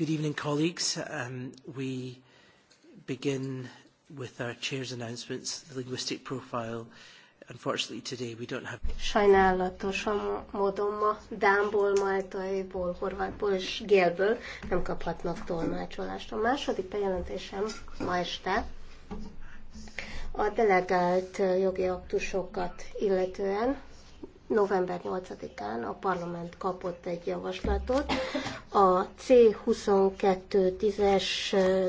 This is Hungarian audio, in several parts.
Good evening, colleagues. Um, we begin with our chair's announcements, the linguistic profile. Unfortunately, today we don't have... Sajnálatos a módon ma Dánból, Máltaiból, Horvátból és Gélből nem kaphatnak tolmácsolást. A második bejelentésem ma este a delegált jogi aktusokat illetően november 8-án a parlament kapott egy javaslatot, a C22-10-es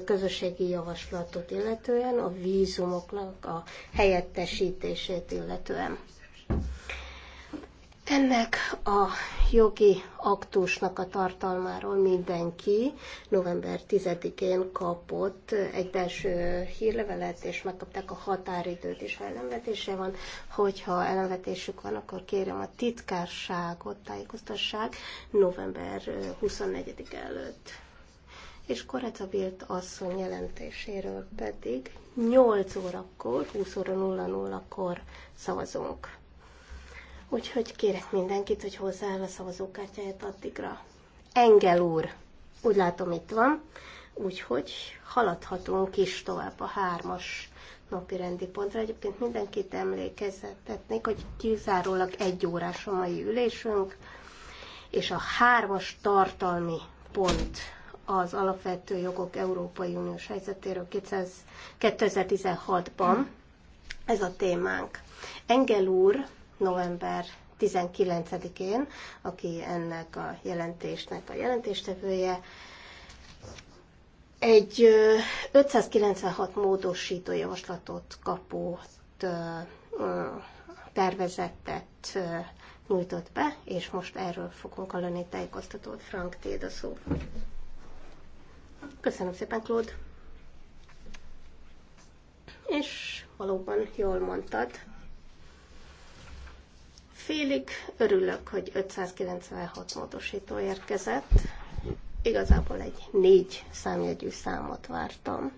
közösségi javaslatot illetően, a vízumoknak a helyettesítését illetően. Ennek a jogi aktusnak a tartalmáról mindenki november 10-én kapott egy belső hírlevelet, és megkapták a határidőt is, ha ellenvetése van. Hogyha ellenvetésük van, akkor kérem a titkárságot tájékoztassák november 24 előtt. És Koreca Bilt asszony jelentéséről pedig 8 órakor, 20 óra 00-kor szavazunk. Úgyhogy kérek mindenkit, hogy hozzááll a szavazókártyáját addigra. Engel úr, úgy látom itt van, úgyhogy haladhatunk is tovább a hármas napi rendi pontra. Egyébként mindenkit emlékeztetnék, hogy kizárólag egy órás a mai ülésünk, és a hármas tartalmi pont az alapvető jogok Európai Uniós helyzetéről 2016-ban. Ez a témánk. Engel úr november 19-én, aki ennek a jelentésnek a jelentéstevője, egy 596 módosító javaslatot kapott tervezettet nyújtott be, és most erről fogunk hallani tájékoztatót Frank szó. Köszönöm szépen, Claude. És valóban jól mondtad, Félig örülök, hogy 596 módosító érkezett. Igazából egy négy számjegyű számot vártam,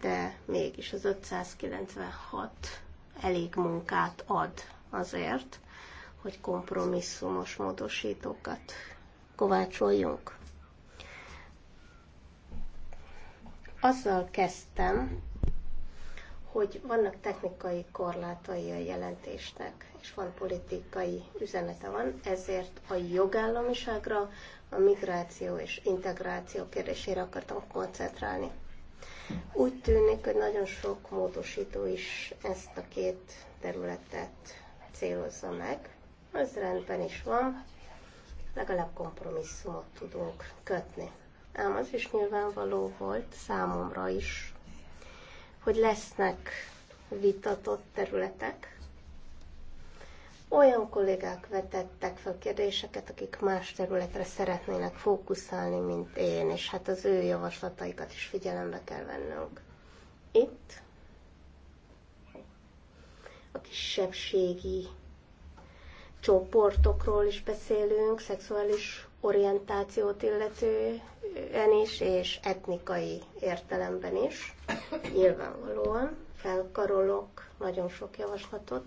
de mégis az 596 elég munkát ad azért, hogy kompromisszumos módosítókat kovácsoljunk. Azzal kezdtem, hogy vannak technikai korlátai a jelentésnek, és van politikai üzenete van, ezért a jogállamiságra, a migráció és integráció kérdésére akartam koncentrálni. Úgy tűnik, hogy nagyon sok módosító is ezt a két területet célozza meg. Az rendben is van, legalább kompromisszumot tudunk kötni. Ám az is nyilvánvaló volt számomra is, hogy lesznek vitatott területek, olyan kollégák vetettek fel kérdéseket, akik más területre szeretnének fókuszálni, mint én, és hát az ő javaslataikat is figyelembe kell vennünk. Itt a kisebbségi csoportokról is beszélünk, szexuális orientációt illetően is, és etnikai értelemben is. Nyilvánvalóan felkarolok nagyon sok javaslatot.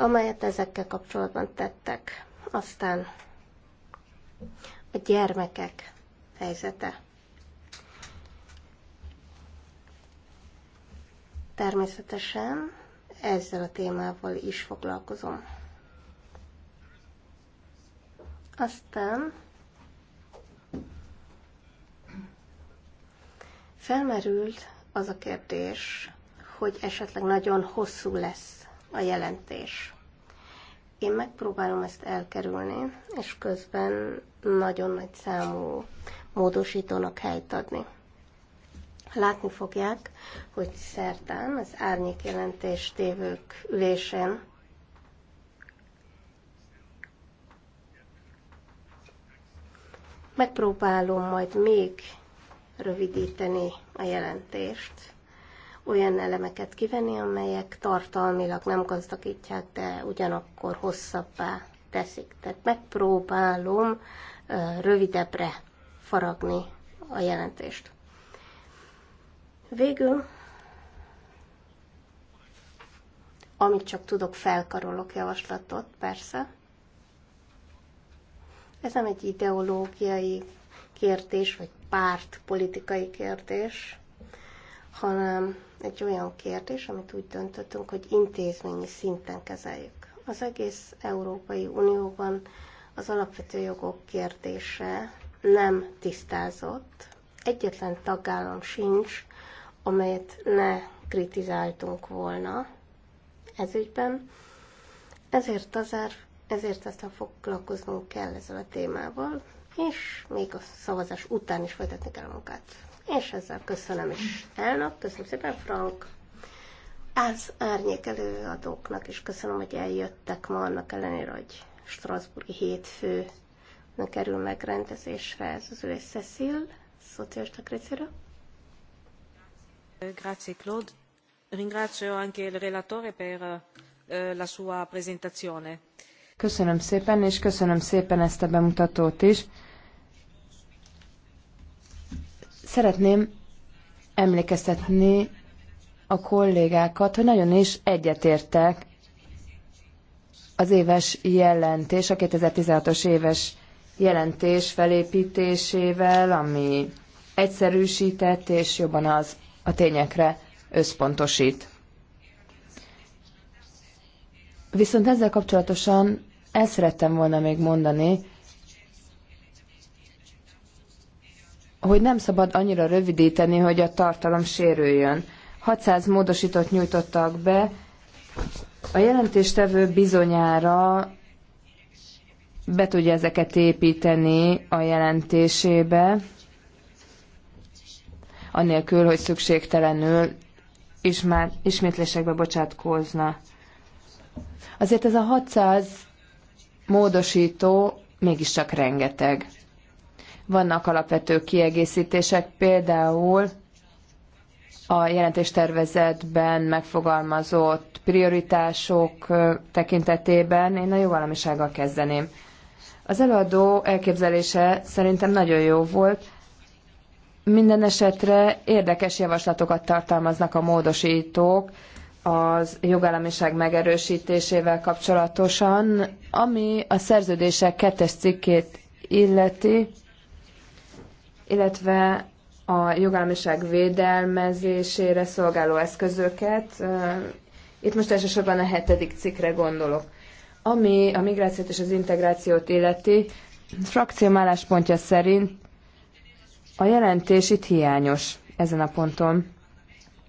amelyet ezekkel kapcsolatban tettek. Aztán a gyermekek helyzete. Természetesen ezzel a témával is foglalkozom. Aztán felmerült az a kérdés, hogy esetleg nagyon hosszú lesz a jelentés. Én megpróbálom ezt elkerülni, és közben nagyon nagy számú módosítónak helyt adni. Látni fogják, hogy szerdán az árnyék jelentés tévők ülésén megpróbálom majd még rövidíteni a jelentést, olyan elemeket kivenni, amelyek tartalmilag nem gazdagítják, de ugyanakkor hosszabbá teszik. Tehát megpróbálom rövidebbre faragni a jelentést. Végül, amit csak tudok, felkarolok javaslatot, persze. Ez nem egy ideológiai kérdés, vagy pártpolitikai kérdés, hanem egy olyan kérdés, amit úgy döntöttünk, hogy intézményi szinten kezeljük. Az egész Európai Unióban az alapvető jogok kérdése nem tisztázott. Egyetlen tagállam sincs, amelyet ne kritizáltunk volna ez ügyben. Ezért, azért, ezért ezt a foglalkoznunk kell ezzel a témával, és még a szavazás után is folytatni kell a munkát és ezzel köszönöm is elnök, köszönöm szépen Frank. Az árnyék előadóknak is köszönöm, hogy eljöttek ma annak ellenére, hogy Strasburgi hétfő kerül megrendezésre ez az ülés Cecil, szocialisták részéről. Grazie Claude. Ringrazio anche il relatore per eh, la sua presentazione. Köszönöm szépen, és köszönöm szépen ezt a bemutatót is. Szeretném emlékeztetni a kollégákat, hogy nagyon is egyetértek az éves jelentés, a 2016-os éves jelentés felépítésével, ami egyszerűsített és jobban az a tényekre összpontosít. Viszont ezzel kapcsolatosan el szerettem volna még mondani, hogy nem szabad annyira rövidíteni, hogy a tartalom sérüljön. 600 módosított nyújtottak be. A jelentéstevő bizonyára be tudja ezeket építeni a jelentésébe, anélkül, hogy szükségtelenül ismár, ismétlésekbe bocsátkozna. Azért ez a 600 módosító mégiscsak rengeteg. Vannak alapvető kiegészítések, például a jelentéstervezetben megfogalmazott prioritások tekintetében én a jogállamisággal kezdeném. Az előadó elképzelése szerintem nagyon jó volt. Minden esetre érdekes javaslatokat tartalmaznak a módosítók az jogállamiság megerősítésével kapcsolatosan, ami a szerződések kettes cikkét illeti, illetve a jogállamiság védelmezésére szolgáló eszközöket. Itt most elsősorban a hetedik cikkre gondolok. Ami a migrációt és az integrációt illeti, frakcióm álláspontja szerint a jelentés itt hiányos ezen a ponton,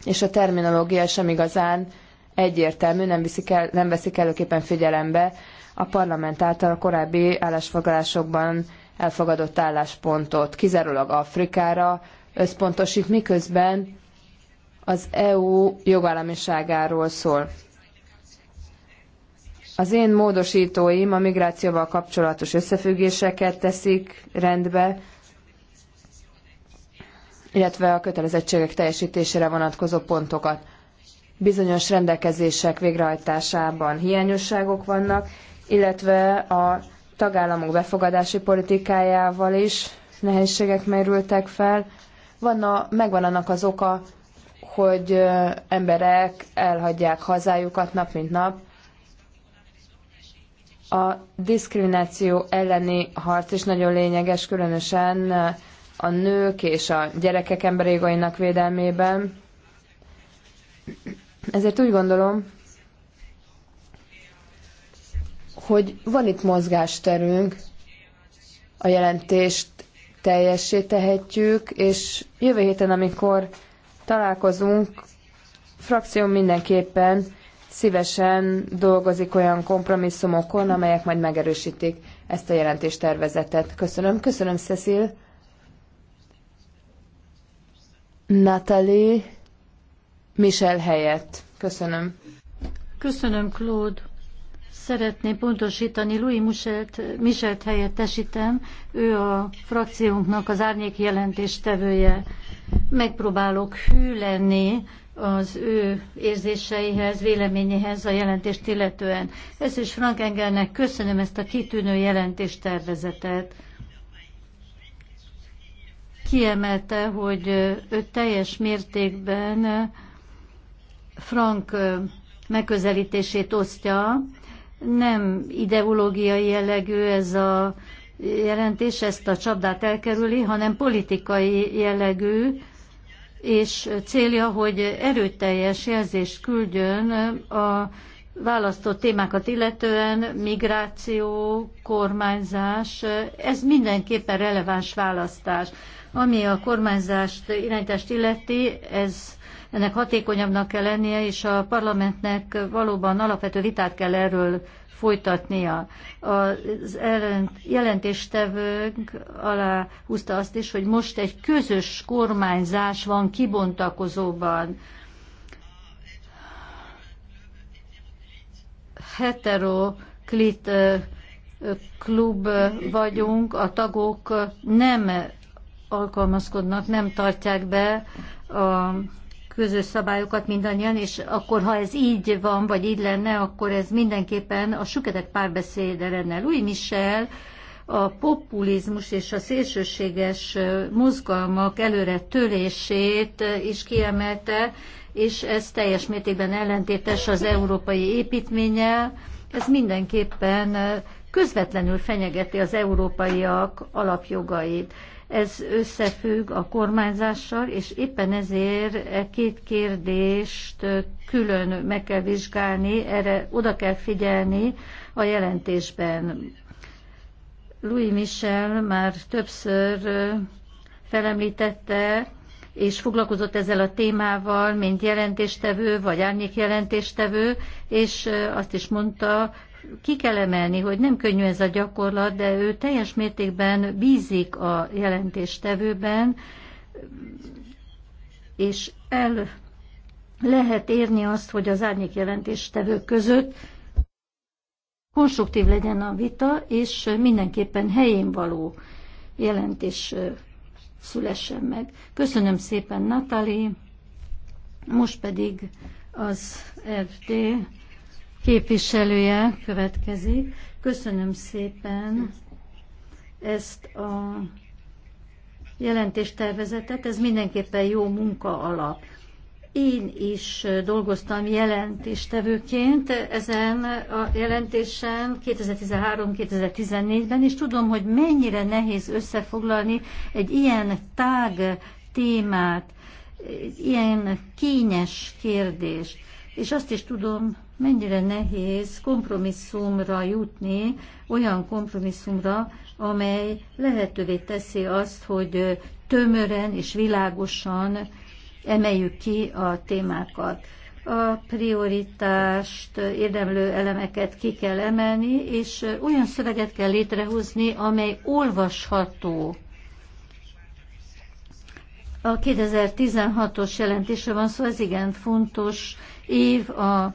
és a terminológia sem igazán egyértelmű, nem, viszik el, nem veszik előképpen figyelembe a parlament által a korábbi állásfoglalásokban elfogadott álláspontot. Kizárólag Afrikára összpontosít, miközben az EU jogállamiságáról szól. Az én módosítóim a migrációval kapcsolatos összefüggéseket teszik rendbe, illetve a kötelezettségek teljesítésére vonatkozó pontokat. Bizonyos rendelkezések végrehajtásában hiányosságok vannak, illetve a tagállamok befogadási politikájával is nehézségek merültek fel. Van a, megvan annak az oka, hogy emberek elhagyják hazájukat nap mint nap. A diszkrimináció elleni harc is nagyon lényeges, különösen a nők és a gyerekek emberi védelmében. Ezért úgy gondolom, hogy van itt mozgásterünk, a jelentést teljessé tehetjük, és jövő héten, amikor találkozunk, frakció mindenképpen szívesen dolgozik olyan kompromisszumokon, amelyek majd megerősítik ezt a jelentéstervezetet. Köszönöm. Köszönöm, Cecil. Natalie Michel helyett. Köszönöm. Köszönöm, Claude. Szeretném pontosítani, Louis Michelt, Michelt helyettesítem, ő a frakciónknak az árnyék jelentéstevője. Megpróbálok hű lenni az ő érzéseihez, véleményéhez a jelentést illetően. Ez is Frank Engelnek köszönöm ezt a kitűnő jelentéstervezetet. Kiemelte, hogy ő teljes mértékben Frank megközelítését osztja, nem ideológiai jellegű ez a jelentés, ezt a csapdát elkerüli, hanem politikai jellegű, és célja, hogy erőteljes jelzést küldjön a választott témákat illetően, migráció, kormányzás, ez mindenképpen releváns választás. Ami a kormányzást, irányítást illeti, ez ennek hatékonyabbnak kell lennie, és a parlamentnek valóban alapvető vitát kell erről folytatnia. A jelentéstevőnk alá húzta azt is, hogy most egy közös kormányzás van kibontakozóban. Heteroklit klub vagyunk, a tagok nem alkalmazkodnak, nem tartják be a közös szabályokat mindannyian, és akkor ha ez így van, vagy így lenne, akkor ez mindenképpen a süketek párbeszédre lenne. Louis Michel a populizmus és a szélsőséges mozgalmak előre törését is kiemelte, és ez teljes mértékben ellentétes az európai építménnyel. Ez mindenképpen közvetlenül fenyegeti az európaiak alapjogait. Ez összefügg a kormányzással, és éppen ezért e két kérdést külön meg kell vizsgálni, erre oda kell figyelni a jelentésben. Louis Michel már többször felemlítette, és foglalkozott ezzel a témával, mint jelentéstevő, vagy árnyék jelentéstevő, és azt is mondta, ki kell emelni, hogy nem könnyű ez a gyakorlat, de ő teljes mértékben bízik a jelentéstevőben, és el lehet érni azt, hogy az árnyék jelentéstevők között konstruktív legyen a vita, és mindenképpen helyén való jelentés szülessen meg. Köszönöm szépen, Natali. Most pedig az FD képviselője következik. Köszönöm szépen ezt a jelentéstervezetet, ez mindenképpen jó munka alap. Én is dolgoztam jelentéstevőként ezen a jelentésen 2013-2014-ben, és tudom, hogy mennyire nehéz összefoglalni egy ilyen tág témát, ilyen kényes kérdést és azt is tudom, mennyire nehéz kompromisszumra jutni, olyan kompromisszumra, amely lehetővé teszi azt, hogy tömören és világosan emeljük ki a témákat. A prioritást, érdemlő elemeket ki kell emelni, és olyan szöveget kell létrehozni, amely olvasható. A 2016-os jelentésre van szó, szóval ez igen fontos év a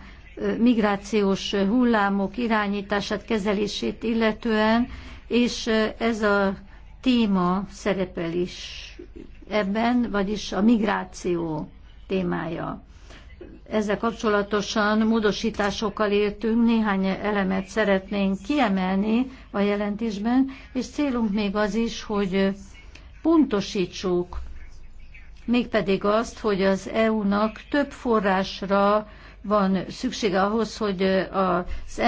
migrációs hullámok irányítását, kezelését illetően, és ez a téma szerepel is ebben, vagyis a migráció témája. Ezzel kapcsolatosan módosításokkal értünk, néhány elemet szeretnénk kiemelni a jelentésben, és célunk még az is, hogy pontosítsuk mégpedig azt, hogy az EU-nak több forrásra van szüksége ahhoz, hogy az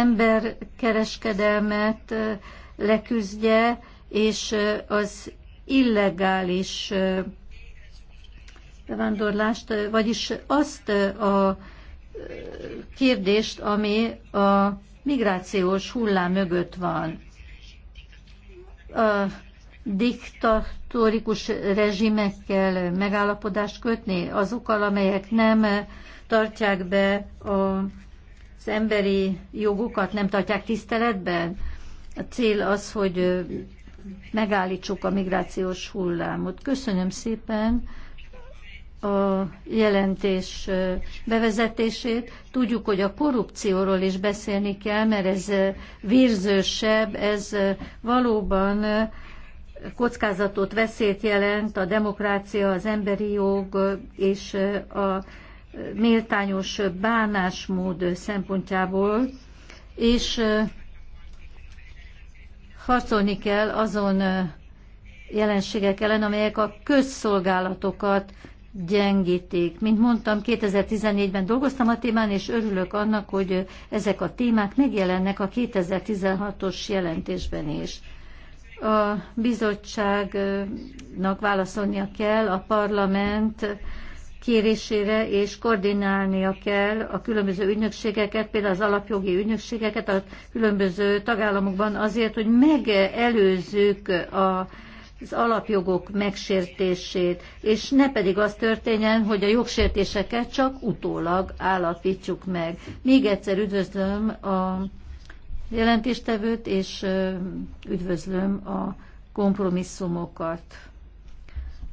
kereskedelmet leküzdje, és az illegális bevándorlást, vagyis azt a kérdést, ami a migrációs hullám mögött van. A diktatórikus rezsimekkel megállapodást kötni, azokkal, amelyek nem tartják be az emberi jogokat, nem tartják tiszteletben. A cél az, hogy megállítsuk a migrációs hullámot. Köszönöm szépen a jelentés bevezetését. Tudjuk, hogy a korrupcióról is beszélni kell, mert ez vérzősebb, ez valóban kockázatot, veszélyt jelent a demokrácia, az emberi jog és a méltányos bánásmód szempontjából, és harcolni kell azon jelenségek ellen, amelyek a közszolgálatokat gyengítik. Mint mondtam, 2014-ben dolgoztam a témán, és örülök annak, hogy ezek a témák megjelennek a 2016-os jelentésben is. A bizottságnak válaszolnia kell a parlament kérésére, és koordinálnia kell a különböző ügynökségeket, például az alapjogi ügynökségeket a különböző tagállamokban azért, hogy megelőzzük a az alapjogok megsértését, és ne pedig az történjen, hogy a jogsértéseket csak utólag állapítsuk meg. Még egyszer üdvözlöm a jelentéstevőt, és üdvözlöm a kompromisszumokat.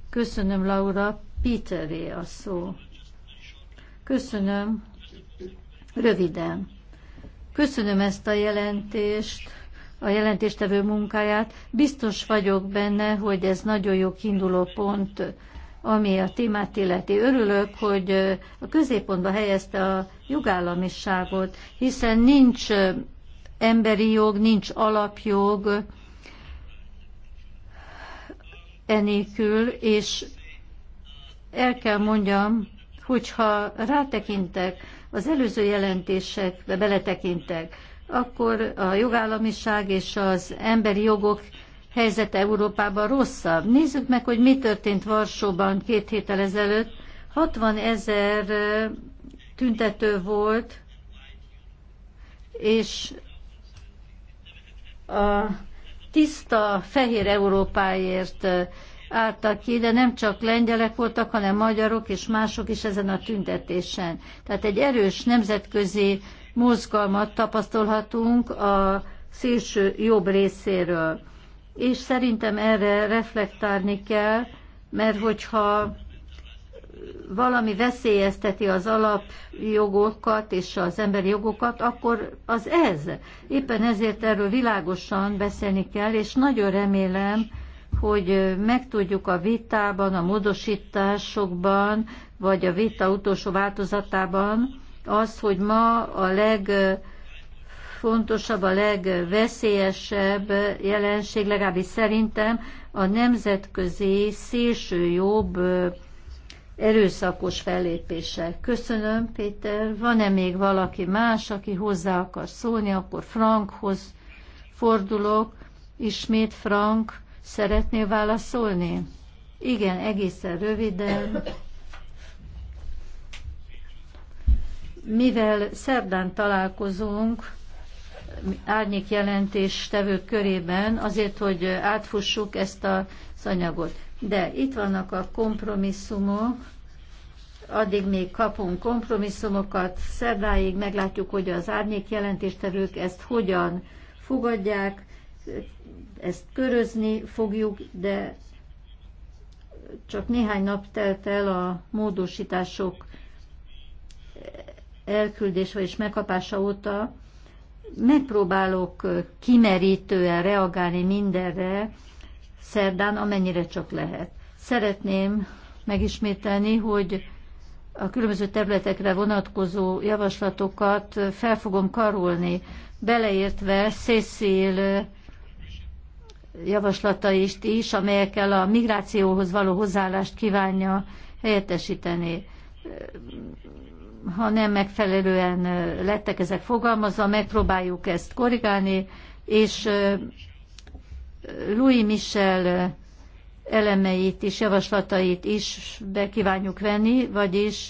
Köszönöm, Laura. Peteré, a szó. Köszönöm. Röviden. Köszönöm ezt a jelentést, a jelentéstevő munkáját. Biztos vagyok benne, hogy ez nagyon jó kiinduló pont, ami a témát illeti. Örülök, hogy a középpontba helyezte a jogállamiságot, hiszen nincs emberi jog, nincs alapjog enélkül, és el kell mondjam, hogyha rátekintek, az előző jelentésekbe beletekintek, akkor a jogállamiság és az emberi jogok helyzet Európában rosszabb. Nézzük meg, hogy mi történt Varsóban két héttel ezelőtt. 60 ezer tüntető volt, és a tiszta fehér Európáért álltak ki, de nem csak lengyelek voltak, hanem magyarok és mások is ezen a tüntetésen. Tehát egy erős nemzetközi mozgalmat tapasztalhatunk a szélső jobb részéről. És szerintem erre reflektálni kell, mert hogyha valami veszélyezteti az alapjogokat és az emberi jogokat, akkor az ez. Éppen ezért erről világosan beszélni kell, és nagyon remélem, hogy meg tudjuk a vitában, a módosításokban, vagy a vita utolsó változatában az, hogy ma a legfontosabb, a legveszélyesebb jelenség, legalábbis szerintem a nemzetközi szélső jobb erőszakos fellépéssel. Köszönöm, Péter. Van-e még valaki más, aki hozzá akar szólni, akkor Frankhoz fordulok. Ismét Frank, szeretnél válaszolni? Igen, egészen röviden. Mivel szerdán találkozunk, árnyék jelentés tevők körében, azért, hogy átfussuk ezt a anyagot. De itt vannak a kompromisszumok, addig még kapunk kompromisszumokat, szerdáig meglátjuk, hogy az árnyék jelentéstevők ezt hogyan fogadják, ezt körözni fogjuk, de csak néhány nap telt el a módosítások elküldése és megkapása óta, megpróbálok kimerítően reagálni mindenre szerdán, amennyire csak lehet. Szeretném megismételni, hogy a különböző területekre vonatkozó javaslatokat fel fogom karolni, beleértve Cécil javaslatait is, amelyekkel a migrációhoz való hozzáállást kívánja helyettesíteni ha nem megfelelően lettek ezek fogalmazva, megpróbáljuk ezt korrigálni, és Louis Michel elemeit és javaslatait is bekívánjuk venni, vagyis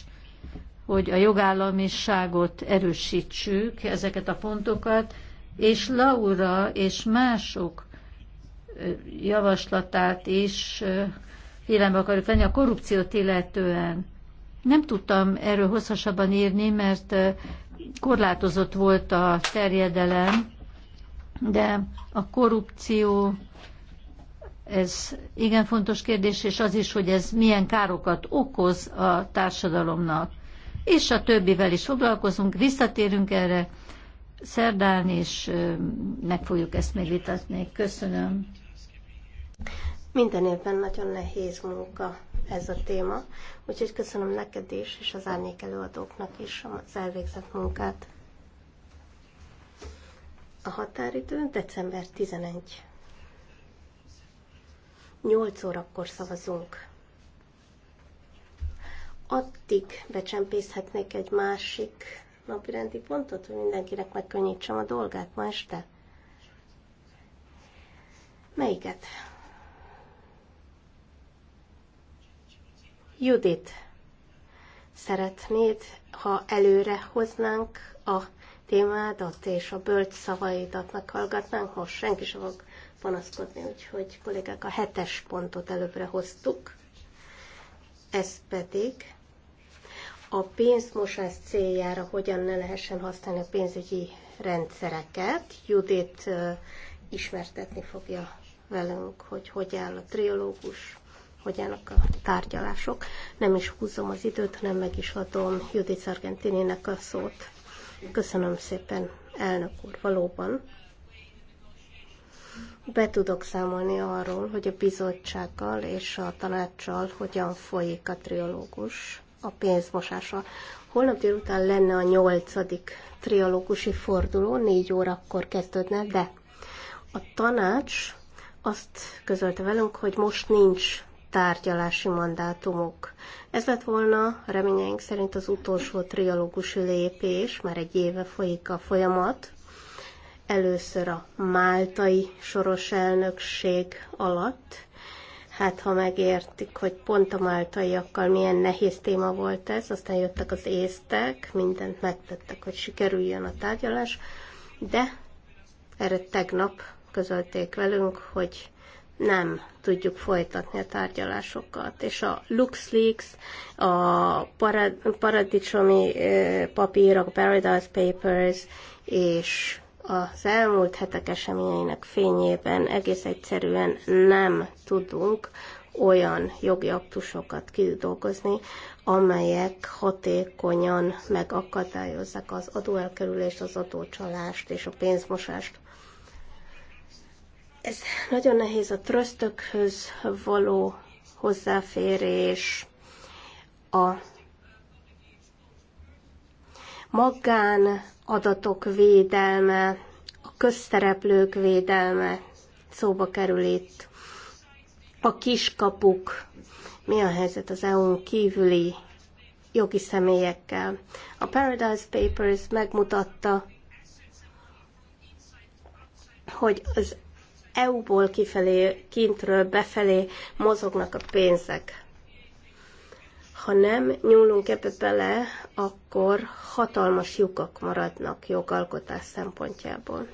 hogy a jogállamiságot erősítsük, ezeket a pontokat, és Laura és mások javaslatát is figyelembe akarjuk venni a korrupciót illetően. Nem tudtam erről hosszasabban írni, mert korlátozott volt a terjedelem, de a korrupció, ez igen fontos kérdés, és az is, hogy ez milyen károkat okoz a társadalomnak. És a többivel is foglalkozunk, visszatérünk erre szerdán, és meg fogjuk ezt vitatni. Köszönöm. Minden évben nagyon nehéz munka ez a téma, úgyhogy köszönöm neked is, és az árnyék előadóknak is az elvégzett munkát. A határidő december 11. 8 órakor szavazunk. Addig becsempészhetnék egy másik napirendi pontot, hogy mindenkinek megkönnyítsem a dolgát ma este. Melyiket? Judit, szeretnéd, ha előre hoznánk a témádat és a bölcs szavaidat meghallgatnánk? Most senki sem fog panaszkodni, úgyhogy kollégák a hetes pontot előbbre hoztuk. Ez pedig a pénzmosás céljára hogyan ne lehessen használni a pénzügyi rendszereket. Judit ismertetni fogja velünk, hogy hogy áll a triológus hogy állnak a tárgyalások. Nem is húzom az időt, hanem meg is adom Judith Sargentininek a szót. Köszönöm szépen, elnök úr, valóban. Be tudok számolni arról, hogy a bizottsággal és a tanácssal hogyan folyik a triológus a pénzmosása. Holnap délután lenne a nyolcadik triológusi forduló, négy órakor kezdődne, de a tanács azt közölte velünk, hogy most nincs tárgyalási mandátumok. Ez lett volna reményeink szerint az utolsó trialógus lépés, már egy éve folyik a folyamat. Először a máltai soros elnökség alatt. Hát, ha megértik, hogy pont a máltaiakkal milyen nehéz téma volt ez, aztán jöttek az észtek, mindent megtettek, hogy sikerüljön a tárgyalás, de erre tegnap közölték velünk, hogy nem tudjuk folytatni a tárgyalásokat. És a LuxLeaks, a paradicsomi papírok, Paradise Papers, és az elmúlt hetek eseményeinek fényében egész egyszerűen nem tudunk olyan jogi aktusokat kidolgozni, amelyek hatékonyan megakadályozzák az adóelkerülést, az adócsalást és a pénzmosást. Ez nagyon nehéz a trösztökhöz való hozzáférés, a magán adatok védelme, a közszereplők védelme szóba kerül itt, a kiskapuk, mi a helyzet az EU-n kívüli jogi személyekkel. A Paradise Papers megmutatta, hogy az EU-ból kifelé, kintről befelé mozognak a pénzek. Ha nem nyúlunk ebbe bele, akkor hatalmas lyukak maradnak jogalkotás szempontjából.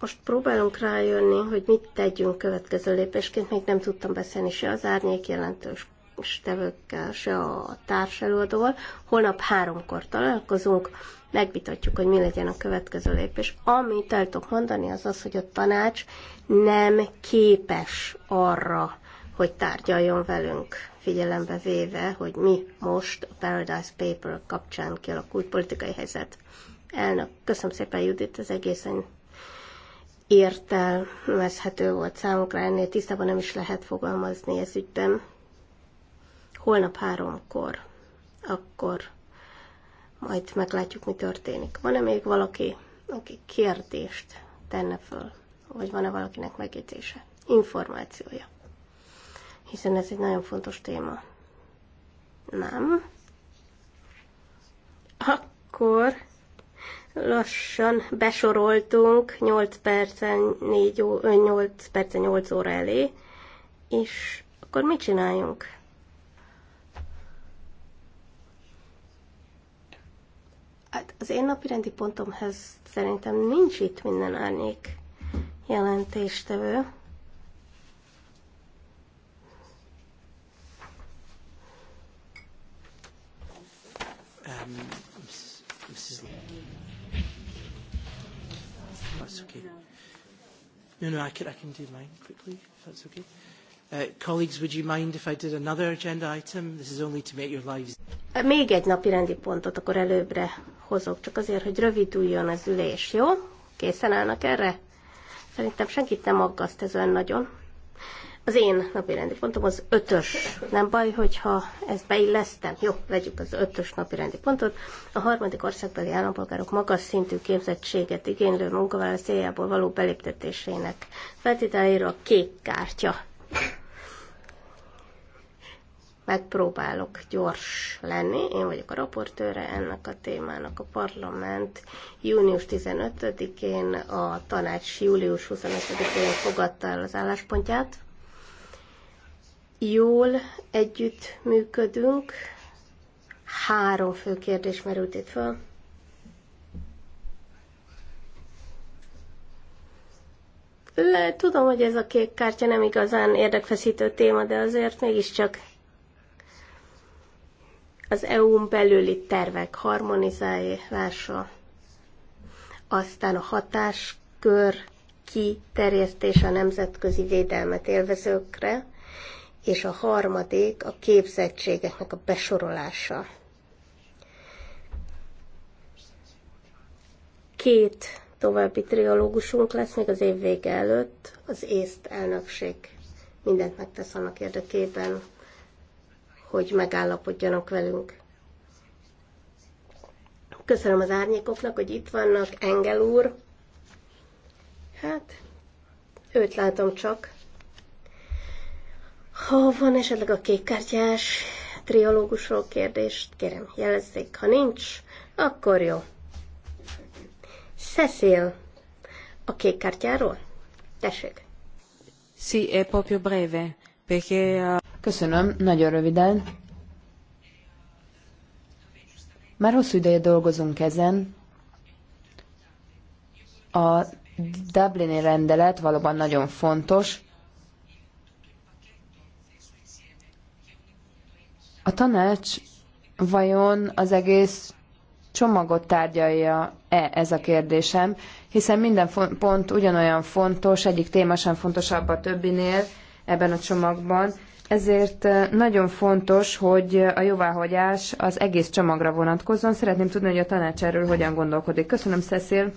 Most próbálunk rájönni, hogy mit tegyünk következő lépésként. Még nem tudtam beszélni se az árnyék jelentős tevőkkel, se a társelőadóval. Holnap háromkor találkozunk megvitatjuk, hogy mi legyen a következő lépés. Amit el tudok mondani, az az, hogy a tanács nem képes arra, hogy tárgyaljon velünk, figyelembe véve, hogy mi most a Paradise Paper kapcsán kialakult politikai helyzet. Elnök, köszönöm szépen, Judit, ez egészen értelmezhető volt számukra, ennél tisztában nem is lehet fogalmazni ez ügyben. Holnap háromkor, akkor majd meglátjuk, mi történik. Van-e még valaki, aki kérdést tenne föl? Vagy van-e valakinek megjegyzése? Információja. Hiszen ez egy nagyon fontos téma. Nem. Akkor lassan besoroltunk 8 percen 4, ó 8 percen 8 óra elé, és akkor mit csináljunk? Hát az én napirendi pontomhez szerintem nincs itt minden árnyék jelentéstevő. Um, Mrs. That's okay. No, no, I can, I can do mine quickly, if that's okay. Uh, colleagues, would you mind if I did another agenda item? This is only to make your lives... Uh, még egy napi rendi pontot akkor előbbre hozok, csak azért, hogy rövidüljön az ülés, jó? Készen állnak erre? Szerintem senkit nem aggaszt ez olyan nagyon. Az én napi rendi pontom az ötös. Nem baj, hogyha ezt beillesztem. Jó, vegyük az ötös napi rendi pontot. A harmadik országbeli állampolgárok magas szintű képzettséget igénylő munkavállalás céljából való beléptetésének feltételéről a kék kártya megpróbálok gyors lenni. Én vagyok a raportőre ennek a témának a parlament. Június 15-én a tanács július 25-én fogadta el az álláspontját. Jól együtt működünk. Három fő kérdés merült itt fel. Le, tudom, hogy ez a kék kártya nem igazán érdekfeszítő téma, de azért mégiscsak az EU-n belüli tervek harmonizálása, aztán a hatáskör kiterjesztése a nemzetközi védelmet élvezőkre, és a harmadik a képzettségeknek a besorolása. Két további triológusunk lesz még az év vége előtt, az észt elnökség mindent megtesz annak érdekében, hogy megállapodjanak velünk. Köszönöm az árnyékoknak, hogy itt vannak, Engel úr. Hát, őt látom csak. Ha van esetleg a kékkártyás triológusról kérdést, kérem, jelezzék. Ha nincs, akkor jó. Cecil, a kékkártyáról? Tessék. Sí, è eh, proprio breve, perché... Eh, Köszönöm, nagyon röviden. Már hosszú ideje dolgozunk ezen. A Dublini rendelet valóban nagyon fontos. A tanács vajon az egész csomagot tárgyalja-e ez a kérdésem, hiszen minden pont ugyanolyan fontos, egyik téma sem fontosabb a többinél ebben a csomagban, ezért eh, nagyon fontos, hogy a jóváhagyás az egész csomagra vonatkozzon. Szeretném tudni, hogy a tanács erről hogyan gondolkodik. Köszönöm, Cecil.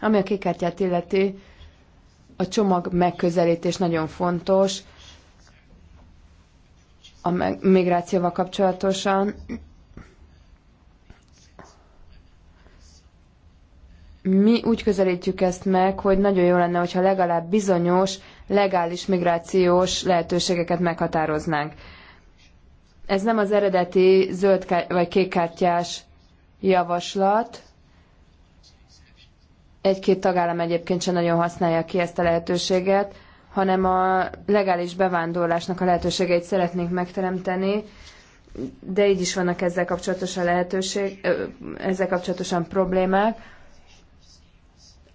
Ami a kékkártyát illeti, a csomag megközelítés nagyon fontos a migrációval kapcsolatosan. Mi úgy közelítjük ezt meg, hogy nagyon jó lenne, hogyha legalább bizonyos legális migrációs lehetőségeket meghatároznánk. Ez nem az eredeti zöld vagy kékkártyás javaslat. Egy-két tagállam egyébként sem nagyon használja ki ezt a lehetőséget, hanem a legális bevándorlásnak a lehetőségeit szeretnénk megteremteni, de így is vannak ezzel kapcsolatosan lehetőség, ezzel kapcsolatosan problémák.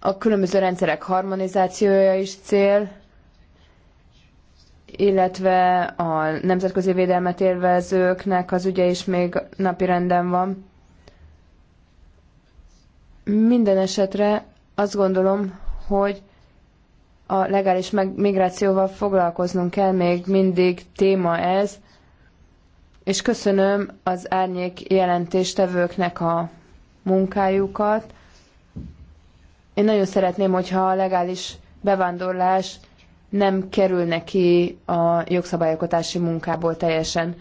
A különböző rendszerek harmonizációja is cél, illetve a nemzetközi védelmet élvezőknek az ügye is még renden van. Minden esetre azt gondolom, hogy a legális migrációval foglalkoznunk kell, még mindig téma ez, és köszönöm az árnyék jelentéstevőknek a munkájukat. Én nagyon szeretném, hogyha a legális bevándorlás nem kerül neki a jogszabályokatási munkából teljesen.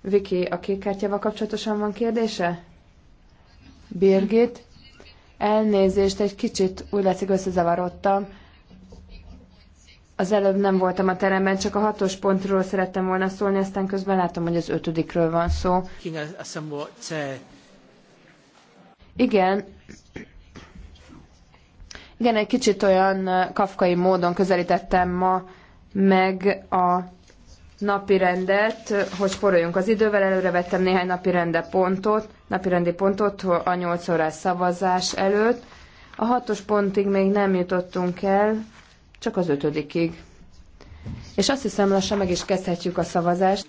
Viki, a kék kártyával kapcsolatosan van kérdése? Birgit? Elnézést, egy kicsit úgy látszik összezavarodtam. Az előbb nem voltam a teremben, csak a hatos pontról szerettem volna szólni, aztán közben látom, hogy az ötödikről van szó. Eh, Igen, igen, egy kicsit olyan kafkai módon közelítettem ma meg a napi rendet, hogy sporoljunk az idővel, előre vettem néhány napi rende pontot, napi rendi pontot a 8 órás szavazás előtt. A hatos pontig még nem jutottunk el, csak az ötödikig. És azt hiszem, lassan meg is kezdhetjük a szavazást.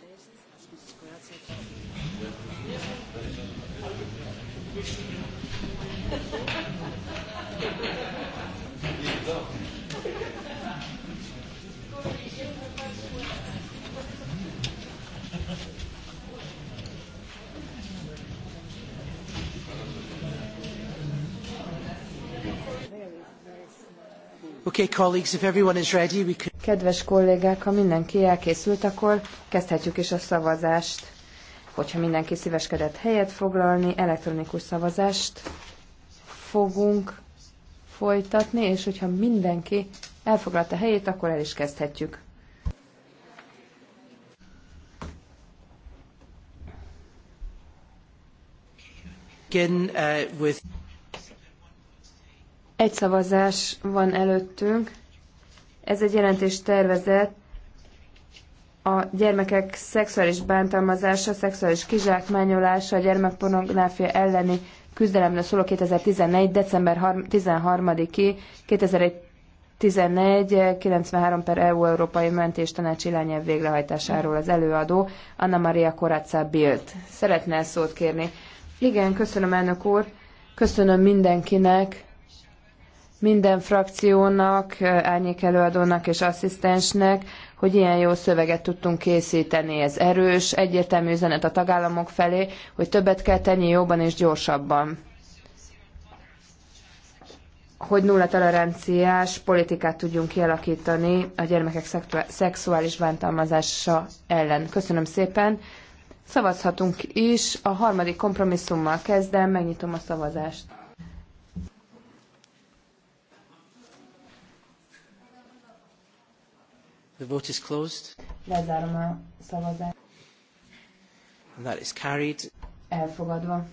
Okay, colleagues, if everyone is ready, we Kedves kollégák, ha mindenki elkészült, akkor kezdhetjük is a szavazást. Hogyha mindenki szíveskedett helyet foglalni, elektronikus szavazást fogunk folytatni, és hogyha mindenki elfoglalta helyét, akkor el is kezdhetjük. Begin, uh, with... Egy szavazás van előttünk. Ez egy jelentés tervezet a gyermekek szexuális bántalmazása, szexuális kizsákmányolása, a gyermekpornográfia elleni küzdelemre szóló 2014. december 13-i 2011 93 per EU Európai Mentés Tanács irányelv végrehajtásáról az előadó Anna Maria Korácá Bilt. Szeretne szót kérni? Igen, köszönöm elnök úr, köszönöm mindenkinek, minden frakciónak, árnyékelőadónak és asszisztensnek, hogy ilyen jó szöveget tudtunk készíteni. Ez erős, egyértelmű üzenet a tagállamok felé, hogy többet kell tenni jobban és gyorsabban. Hogy nulla toleranciás politikát tudjunk kialakítani a gyermekek szexuális bántalmazása ellen. Köszönöm szépen. Szavazhatunk is. A harmadik kompromisszummal kezdem, megnyitom a szavazást. The vote is closed. Lezárom a szavazást. And that is carried. Elfogadva.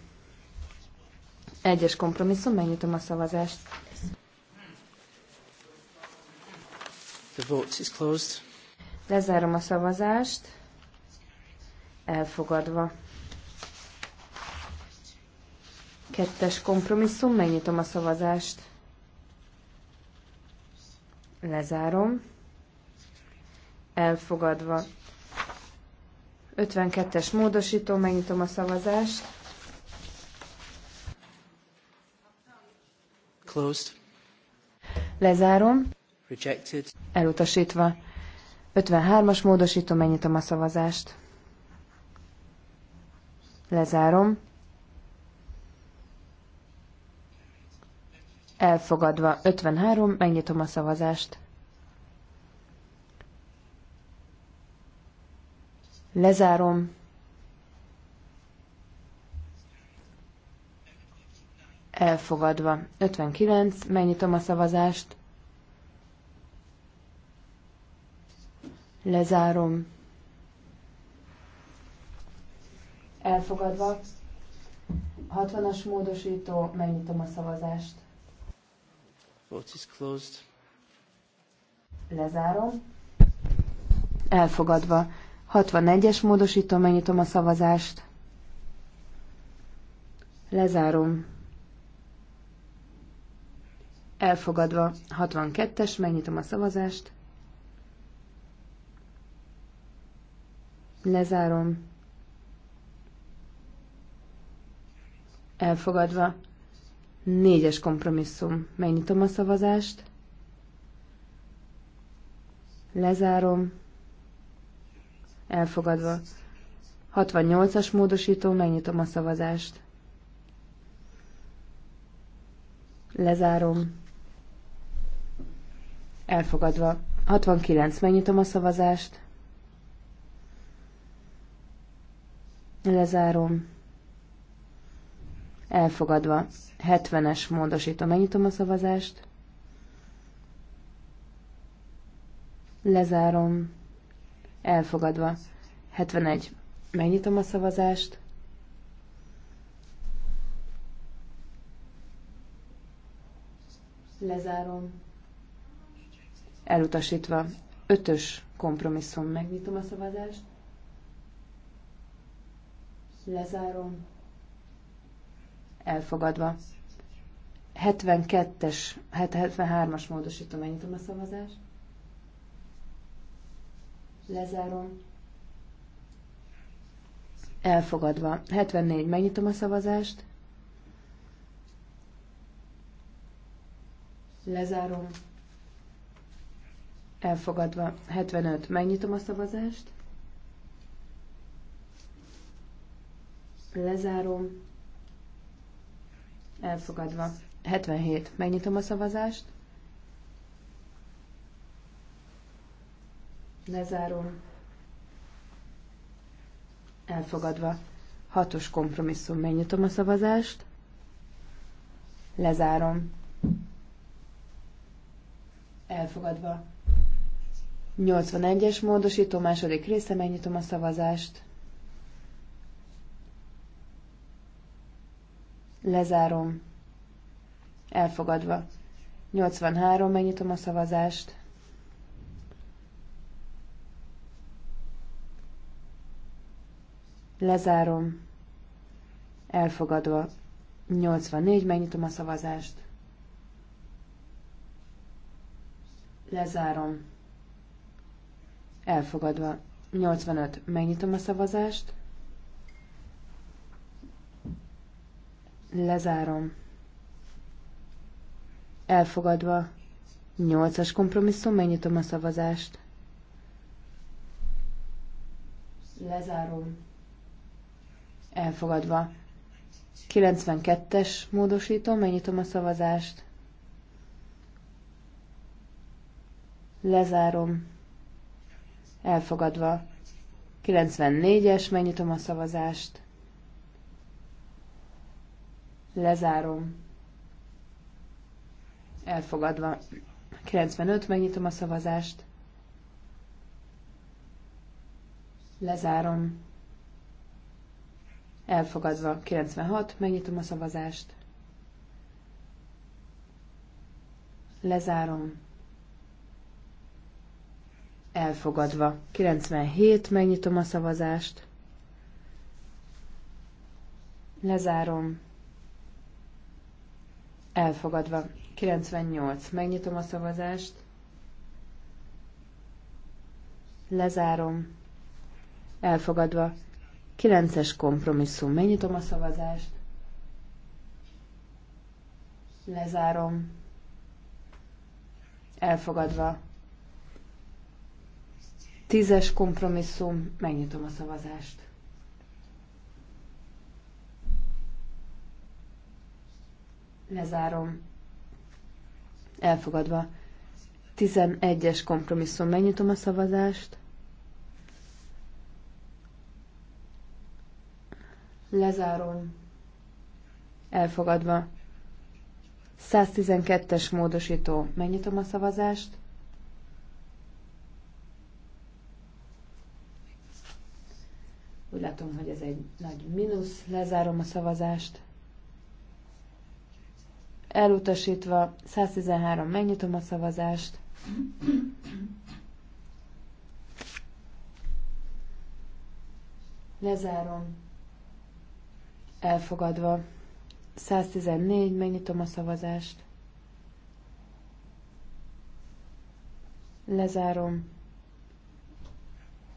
Egyes kompromisszum, megnyitom a szavazást. The vote is closed. Lezárom a szavazást. Elfogadva. Kettes kompromisszum, megnyitom a szavazást. Lezárom elfogadva. 52-es módosító, megnyitom a szavazást. Closed. Lezárom. Rejected. Elutasítva. 53-as módosító, megnyitom a szavazást. Lezárom. Elfogadva. 53, megnyitom a szavazást. Lezárom. Elfogadva. 59. Megnyitom a szavazást. Lezárom. Elfogadva. 60-as módosító. Megnyitom a szavazást. Vote is closed. Lezárom. Elfogadva. 61-es módosítom, megnyitom a szavazást. Lezárom. Elfogadva. 62-es, megnyitom a szavazást. Lezárom. Elfogadva. 4-es kompromisszum. Megnyitom a szavazást. Lezárom elfogadva. 68-as módosító, megnyitom a szavazást. Lezárom. Elfogadva. 69, megnyitom a szavazást. Lezárom. Elfogadva. 70-es módosító, megnyitom a szavazást. Lezárom Elfogadva. 71. Megnyitom a szavazást. Lezárom. Elutasítva. Ötös kompromisszum. Megnyitom a szavazást. Lezárom. Elfogadva. 72-es, 73-as módosítom. Megnyitom a szavazást. Lezárom. Elfogadva. 74. Megnyitom a szavazást. Lezárom. Elfogadva. 75. Megnyitom a szavazást. Lezárom. Elfogadva. 77. Megnyitom a szavazást. Lezárom. Elfogadva. Hatos kompromisszum. Megnyitom a szavazást. Lezárom. Elfogadva. 81-es módosító második része, megnyitom a szavazást. Lezárom. Elfogadva. 83, megnyitom a szavazást. Lezárom. Elfogadva. 84, megnyitom a szavazást. Lezárom. Elfogadva. 85, megnyitom a szavazást. Lezárom. Elfogadva. 8-as kompromisszum, megnyitom a szavazást. Lezárom elfogadva. 92-es módosítom, megnyitom a szavazást. Lezárom. Elfogadva. 94-es, megnyitom a szavazást. Lezárom. Elfogadva. 95, megnyitom a szavazást. Lezárom Elfogadva. 96. Megnyitom a szavazást. Lezárom. Elfogadva. 97. Megnyitom a szavazást. Lezárom. Elfogadva. 98. Megnyitom a szavazást. Lezárom. Elfogadva. Kilences kompromisszum. Megnyitom a szavazást. Lezárom. Elfogadva. Tízes kompromisszum. Megnyitom a szavazást. Lezárom. Elfogadva. Tizenegyes kompromisszum. Megnyitom a szavazást. Lezárom. Elfogadva. 112-es módosító. Megnyitom a szavazást. Úgy látom, hogy ez egy nagy mínusz. Lezárom a szavazást. Elutasítva 113, megnyitom a szavazást. Lezárom. Elfogadva. 114, megnyitom a szavazást. Lezárom.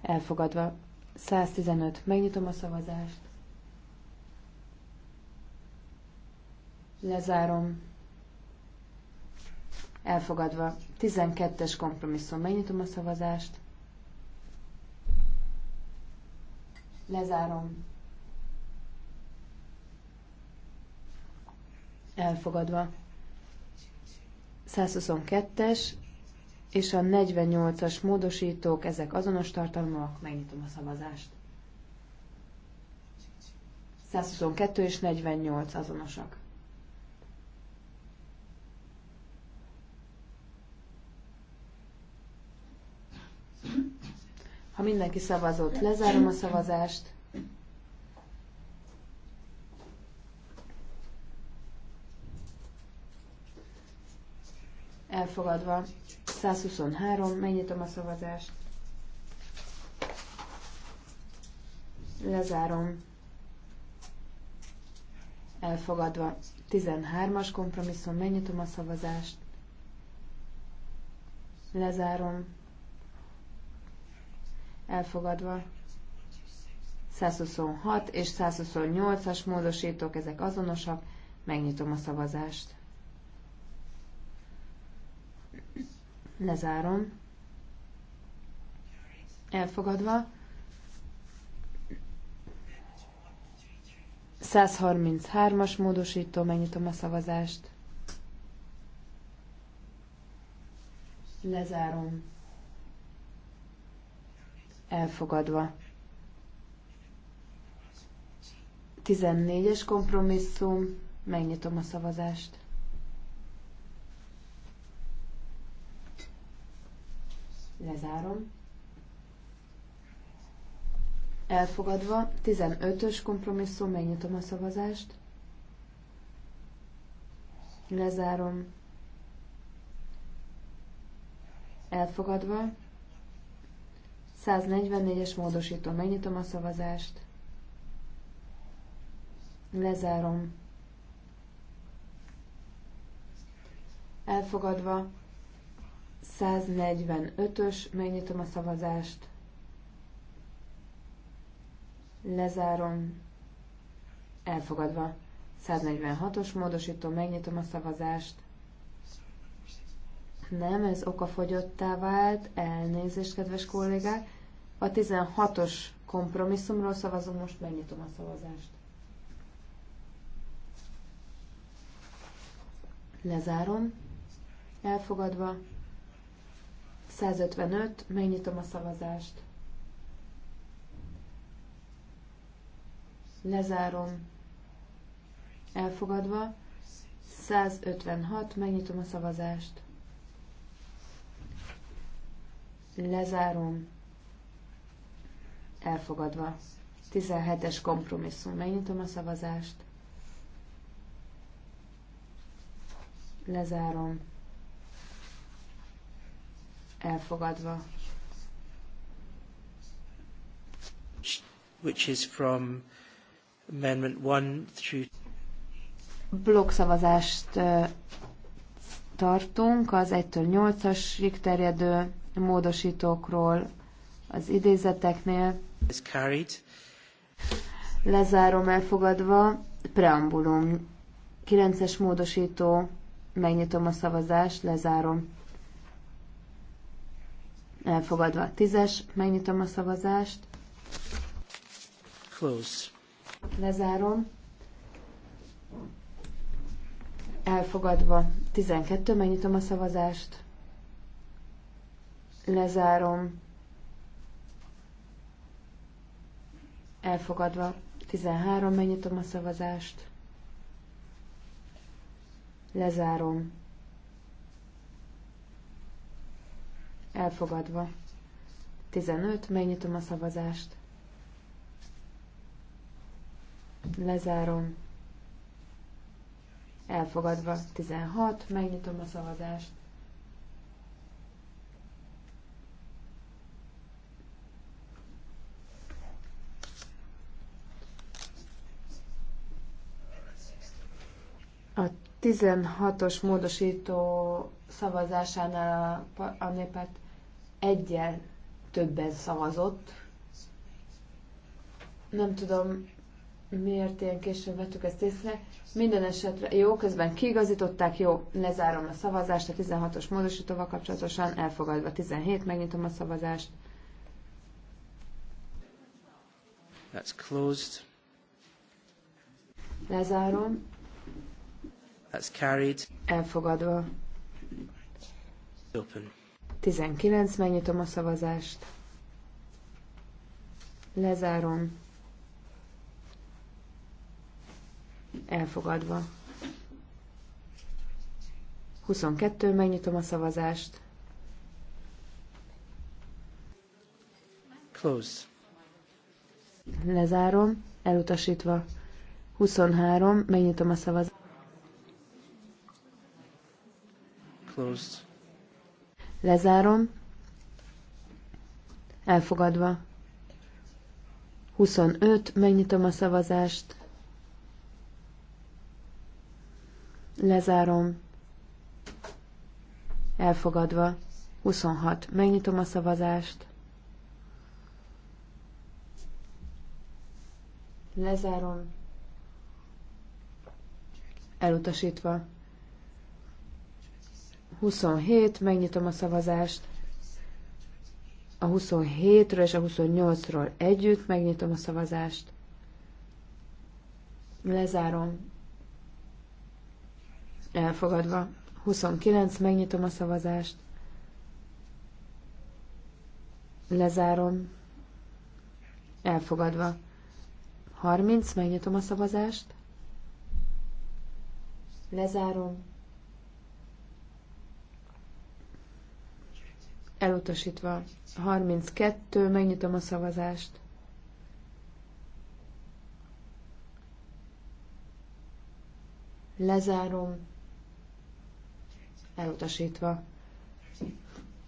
Elfogadva. 115, megnyitom a szavazást. Lezárom. Elfogadva. 12-es kompromisszum. Megnyitom a szavazást. Lezárom. elfogadva. 122-es és a 48-as módosítók, ezek azonos tartalmak, megnyitom a szavazást. 122 és 48 azonosak. Ha mindenki szavazott, lezárom a szavazást. elfogadva. 123, megnyitom a szavazást. Lezárom. Elfogadva. 13-as kompromisszum, megnyitom a szavazást. Lezárom. Elfogadva. 126 és 128-as módosítók, ezek azonosak. Megnyitom a szavazást. Lezárom. Elfogadva. 133-as módosító, megnyitom a szavazást. Lezárom. Elfogadva. 14-es kompromisszum, megnyitom a szavazást. Lezárom. Elfogadva, 15-ös kompromisszum, megnyitom a szavazást. Lezárom. Elfogadva. 144-es módosító, megnyitom a szavazást. Lezárom. Elfogadva. 145-ös, megnyitom a szavazást, lezárom, elfogadva. 146-os módosító, megnyitom a szavazást. Nem, ez okafogyottá vált, elnézést, kedves kollégák. A 16-os kompromisszumról szavazom, most megnyitom a szavazást. Lezárom, elfogadva. 155, megnyitom a szavazást. Lezárom. Elfogadva. 156, megnyitom a szavazást. Lezárom. Elfogadva. 17-es kompromisszum. Megnyitom a szavazást. Lezárom elfogadva. Which is from amendment 1 through blokkszavazást tartunk az 1-től 8-asig terjedő módosítókról az idézeteknél. Is carried. Lezárom elfogadva, preambulum. 9-es módosító, megnyitom a szavazást, lezárom. Elfogadva. Tízes, megnyitom a szavazást. Close. Lezárom. Elfogadva. 12, megnyitom a szavazást. Lezárom. Elfogadva. 13, megnyitom a szavazást. Lezárom. Elfogadva. 15. Megnyitom a szavazást. Lezárom. Elfogadva. 16. Megnyitom a szavazást. A 16-os módosító szavazásánál a, a népet egyel többen szavazott. Nem tudom, miért ilyen későn vettük ezt észre. Minden esetre jó, közben kiigazították, jó, lezárom a szavazást a 16-os módosítóval kapcsolatosan, elfogadva 17, megnyitom a szavazást. That's closed. Lezárom. That's carried. Elfogadva. Open. 19, megnyitom a szavazást. Lezárom. Elfogadva. 22, megnyitom a szavazást. Close. Lezárom, elutasítva. 23, megnyitom a szavazást. Closed. Lezárom. Elfogadva. 25. Megnyitom a szavazást. Lezárom. Elfogadva. 26. Megnyitom a szavazást. Lezárom. Elutasítva. 27, megnyitom a szavazást. A 27-ről és a 28-ról együtt megnyitom a szavazást. Lezárom. Elfogadva. 29, megnyitom a szavazást. Lezárom. Elfogadva. 30, megnyitom a szavazást. Lezárom Elutasítva. 32. Megnyitom a szavazást. Lezárom. Elutasítva.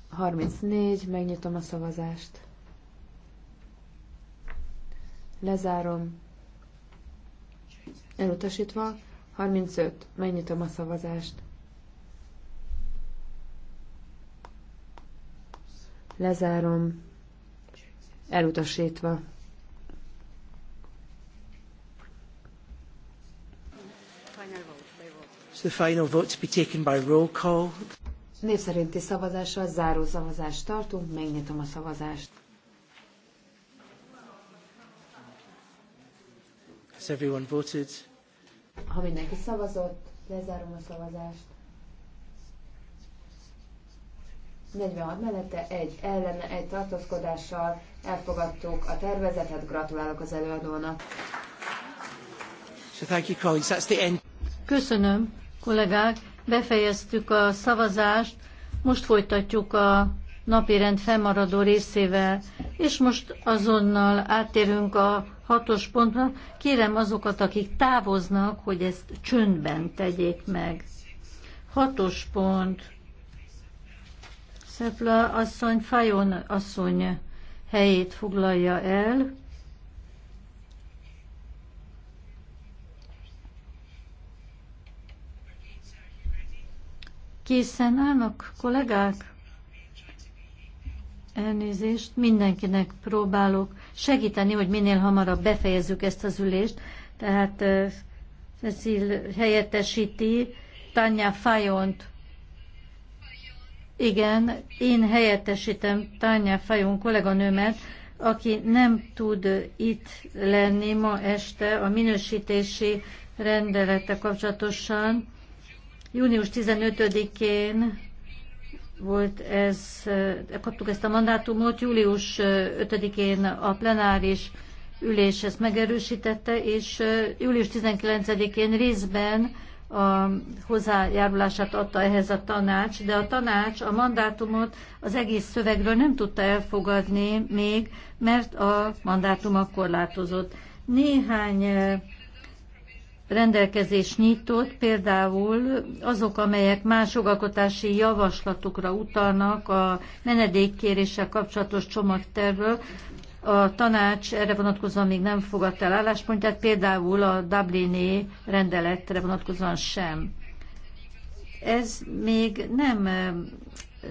34. Megnyitom a szavazást. Lezárom. Elutasítva. 35. Megnyitom a szavazást. Lezárom. Elutasítva. So the final vote to be taken by roll call. Név szerinti szavazással záró szavazást tartunk, megnyitom a szavazást. Has everyone voted? Ha mindenki szavazott, lezárom a szavazást. 46 mellette, egy ellene, egy tartózkodással elfogadtuk a tervezetet. Gratulálok az előadónak. So thank you, colleagues. That's the end. Köszönöm, kollégák. Befejeztük a szavazást. Most folytatjuk a napirend fennmaradó részével, és most azonnal átérünk a hatos pontra. Kérem azokat, akik távoznak, hogy ezt csöndben tegyék meg. Hatos pont Szepla asszony Fajon asszony helyét foglalja el. Készen állnak, kollégák? Elnézést, mindenkinek próbálok segíteni, hogy minél hamarabb befejezzük ezt az ülést. Tehát eh, Cecil helyettesíti Tanya Fajont igen, én helyettesítem Tanya Fajon kolléganőmet, aki nem tud itt lenni ma este a minősítési rendelete kapcsolatosan. Június 15-én volt ez, kaptuk ezt a mandátumot, július 5-én a plenáris ülés ezt megerősítette, és július 19-én részben a hozzájárulását adta ehhez a tanács, de a tanács a mandátumot az egész szövegről nem tudta elfogadni még, mert a mandátum korlátozott. Néhány eh, rendelkezés nyitott, például azok, amelyek más jogalkotási javaslatokra utalnak a menedékkéréssel kapcsolatos csomagtervről, a tanács erre vonatkozóan még nem fogadta el álláspontját, például a Dublini rendeletre vonatkozóan sem. Ez még nem eh,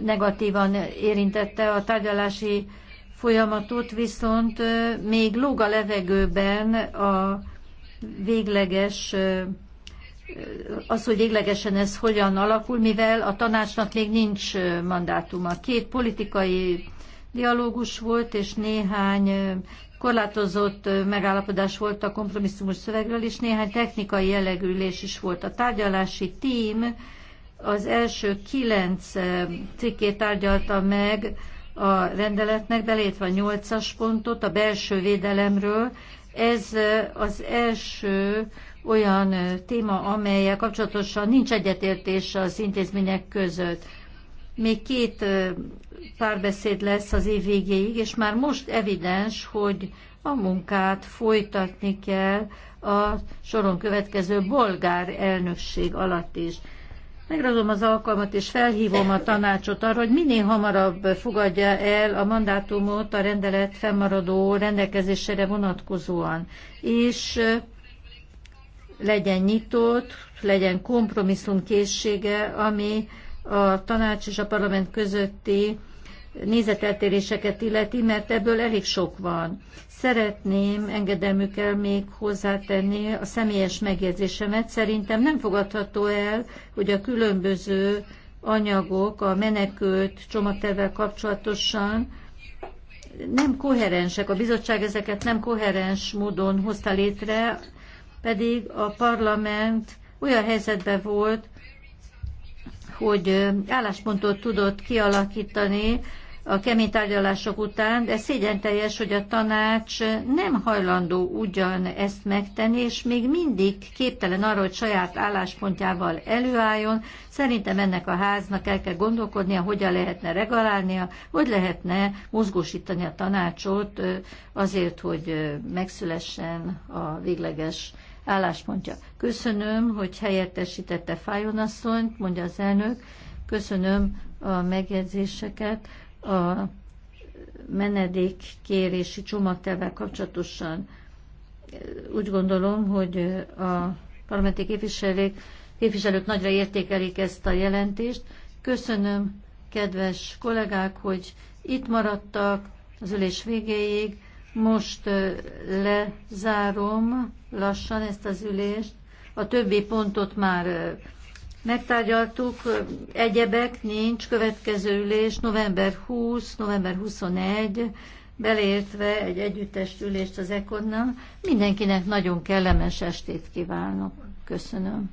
negatívan érintette a tárgyalási folyamatot, viszont eh, még lóg a levegőben a végleges eh, az, hogy véglegesen ez hogyan alakul, mivel a tanácsnak még nincs mandátuma. Két politikai dialógus volt, és néhány korlátozott megállapodás volt a kompromisszumos szövegről, és néhány technikai jellegű is volt. A tárgyalási tím az első kilenc cikkét tárgyalta meg a rendeletnek, belétve a nyolcas pontot a belső védelemről. Ez az első olyan téma, amelyel kapcsolatosan nincs egyetértés az intézmények között. Még két párbeszéd lesz az év végéig, és már most evidens, hogy a munkát folytatni kell a soron következő bolgár elnökség alatt is. Megrazom az alkalmat és felhívom a tanácsot arra, hogy minél hamarabb fogadja el a mandátumot a rendelet fennmaradó rendelkezésére vonatkozóan, és legyen nyitott, legyen kompromisszum készsége, ami a tanács és a parlament közötti nézeteltéréseket illeti, mert ebből elég sok van. Szeretném engedelmükkel még hozzátenni a személyes megjegyzésemet. Szerintem nem fogadható el, hogy a különböző anyagok a menekült csomagtervel kapcsolatosan nem koherensek. A bizottság ezeket nem koherens módon hozta létre, pedig a parlament olyan helyzetben volt, hogy álláspontot tudott kialakítani a kemény tárgyalások után, de szégyen teljes, hogy a tanács nem hajlandó ugyan ezt megtenni, és még mindig képtelen arra, hogy saját álláspontjával előálljon. Szerintem ennek a háznak el kell gondolkodnia, hogyan lehetne regalálnia, hogy lehetne mozgósítani a tanácsot azért, hogy megszülessen a végleges álláspontja. Köszönöm, hogy helyettesítette Fájon asszonyt, mondja az elnök. Köszönöm a megjegyzéseket a menedékkérési csomagtervel kapcsolatosan. Eh, úgy gondolom, hogy eh, a parlamenti képviselők, képviselők nagyra értékelik ezt a jelentést. Köszönöm, kedves kollégák, hogy itt maradtak az ülés végéig most lezárom lassan ezt az ülést. A többi pontot már megtárgyaltuk. Egyebek nincs. Következő ülés november 20, november 21 beleértve egy együttes ülést az Ekonnal. Mindenkinek nagyon kellemes estét kívánok. Köszönöm.